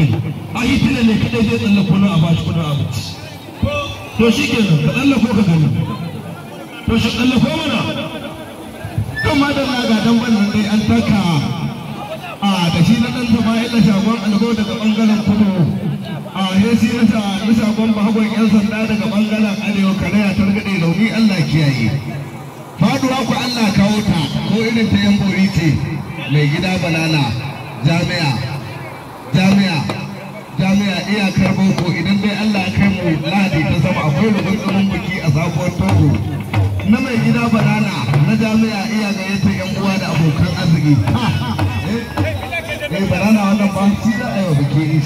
hakuri a yi tunan ne kadai zai tsalle kudin a bashi kudin abinci to shi ke nan ka tsalle ka gani to shi tsalle mana kan ma da na gadon wannan dai an taka a da shi na dan zama ya shagon algo daga ɓangaren kudu a ya shi na shagon bahagon yan sanda daga bangaren arewa karaya targaɗe domin allah kiyaye faduwa ku allah kawo ta ko irin ta yan bori ce mai gida balala jami'a jami'a jami'a iyakar boko idan dai Allah ya kai mu lahadi ta zama akwai rubutun biki a sabuwar togo na mai gida banana na jami'a iya gayyatar yan uwa da abokan arziki eh, eh banana wannan ba shi za a yi wa biki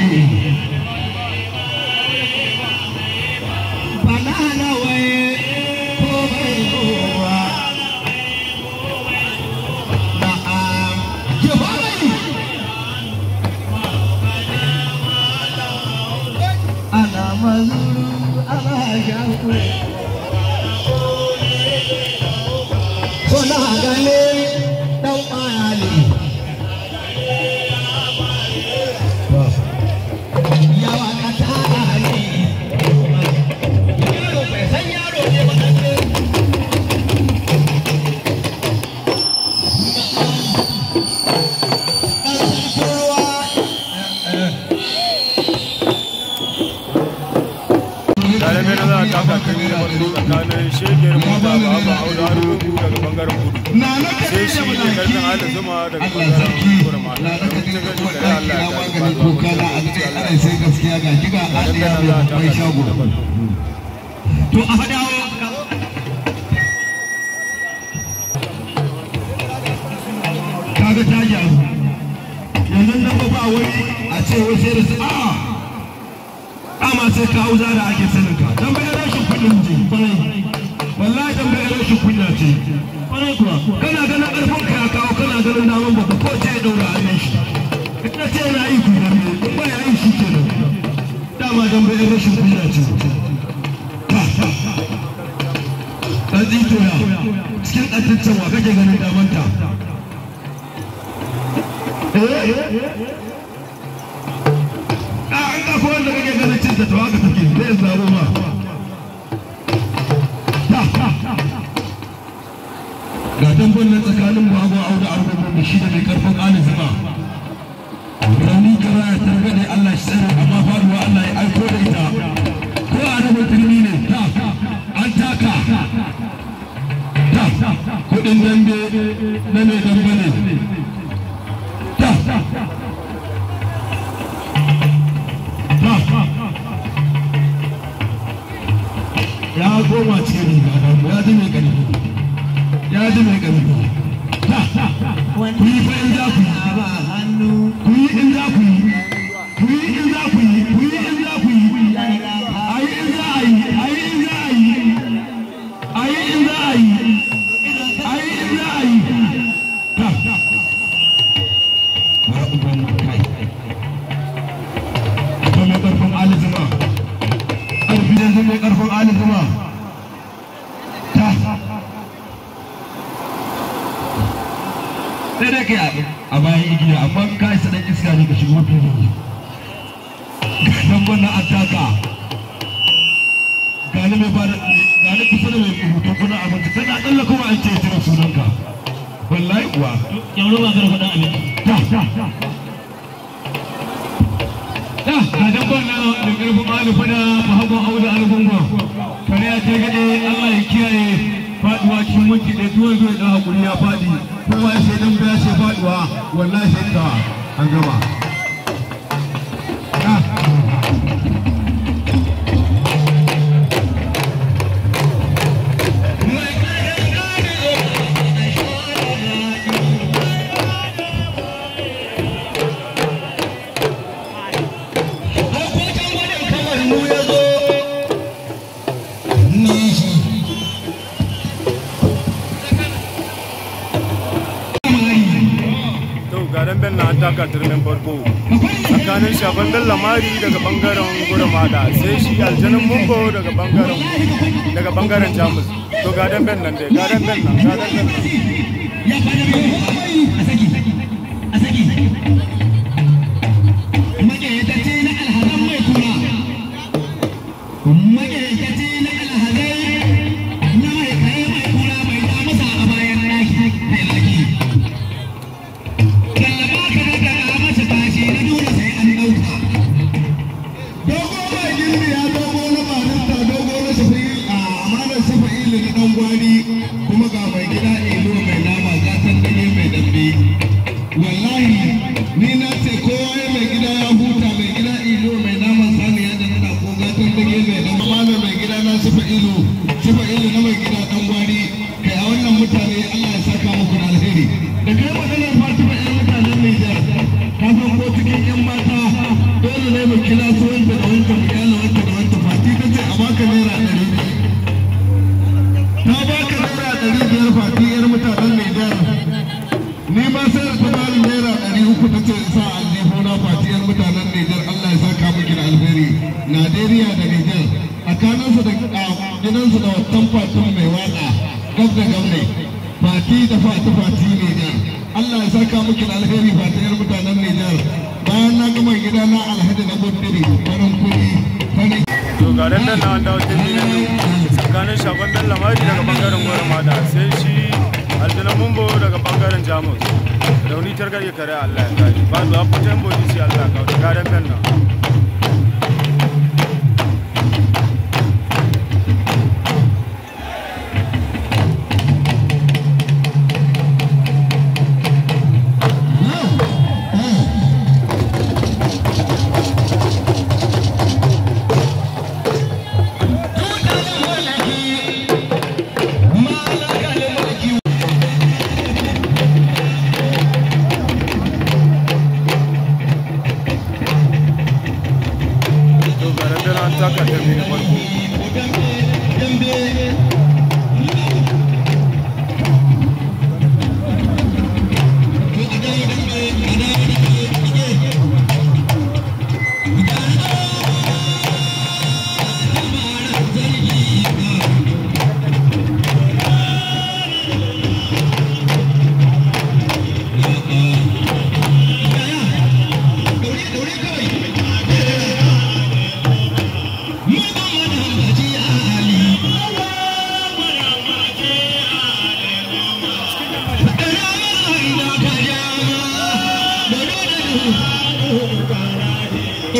Thank you. ana taka da barko tsakanin shekiyar mota ba ba auda rubu daga bangaren kudu sai shi ne karfin ala zuma daga bangaren kudu ma da wuce gani da Allah ya ta ba zuwa kudu ana sai gaskiya ga kiga a ɗaya mai mai shago to a hadawa kaga ta yanzu yanzu nan ba wai a ce wai sai da a ah, kama sai ka hauza ake sanin ka dan bai rashin kudin ji wallahi dan bai ce kana ganin ƙarfin ka kawo kana ganin namun ba ko ce ya daura hannun shi ina ce yana yi ku da biyu in yi shi kenan dama dan bai rashin kuɗi ce ɗan tsitoya cikin ɗan wa kake ganin damanta eh akwai wanda kake ganin cin ta tawaga take zai zaro ma ga dambon nan tsakanin bago auda argo da shi da mai karfin alin zuma rani kara ya targade Allah shi tsare amma faruwa Allah ya aiko da ita ko a rabin turmi ne an taka kudin dambe na mai dambe koma ce riga ya ji mai ƙarfi ya ji mai ƙarfi ku yi fa in za ku yi ku yi in za ku yi ku yi in za ku yi ku yi in za ku yi a yi in za a yi a yi in za a yi a yi in za a yi a yi in za a yi ta wani abin ka kana kalla kuma an ce tira sunan ka wallahi kuwa yau ruwa ga faɗa abin da da da da dan ban na da karfin da mahago auda algungo kare ya ce gade Allah ya kiyaye faduwa cikin minti da duwan zuwa da hakuri ya fadi kowa sai dan baya sai faduwa wallahi sai ka an gama yaren bello an taka turmin farko tsakanin shafan bello mari daga bangaren gurmada sai shi aljanin mungo daga bangaren daga bangaren jamus to gadan bello nan dai gadan bello nan gadan bello daɗi kuma ga mai gida ilo mai nama gatan ganye mai dambe wallahi ni na ce kowa ya mai gida ya huta mai gida ilo mai nama saniya da nuna ko gatan ganye mai dambe malam mai gida na sufa ilo sufa ilo na mai gida dan gwari kai a wannan mutane Allah ya saka muku da alheri da kai maganar Fatima ɗan mutanen Nijar ka san ko cikin 'yan mata dole ne mu kira su wannan gwamna fati da fati fati ne Allah ya saka miki alheri mutanen bayan na gama gida na alhaji na to ga nan na shagon dan lamari daga bangaren gwarmada sai shi aljina mumbo daga bangaren jamus rauni targar ya kare Allah ya kare ba zuwa fitan boji Allah ya kawo gadan nan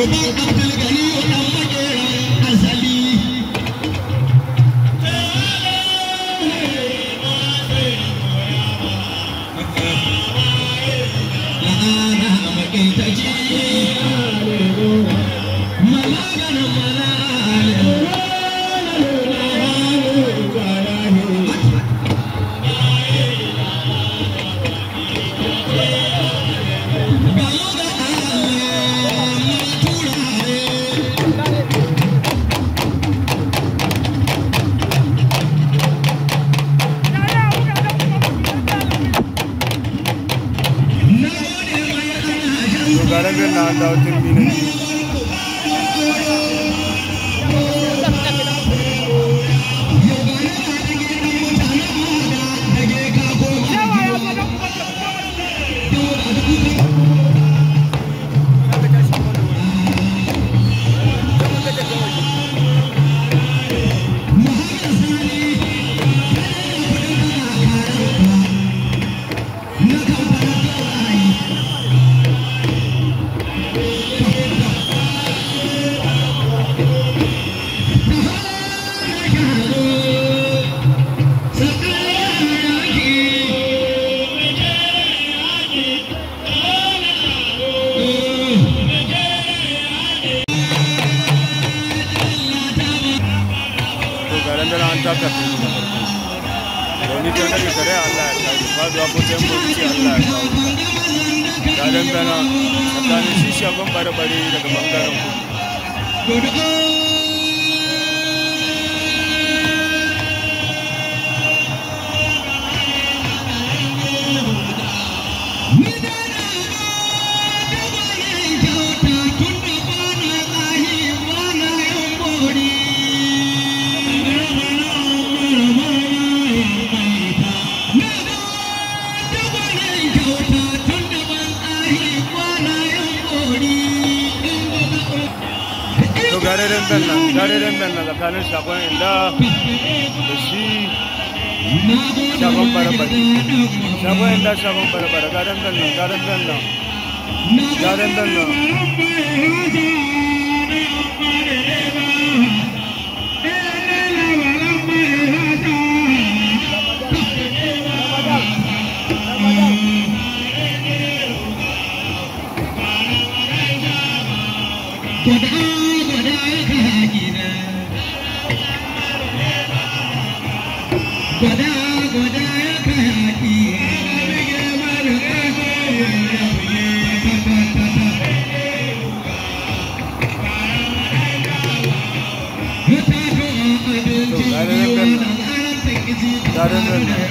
Kollegen und Delegierten. knocked out in wutin biyu taka tun da farko Allah ya kare faduwa ko Allah tsakanin shi shagon daga bangaren garerin bellan garerin bellan tsakanin shagon inda da shi shagon barbara shagon inda shagon I didn't.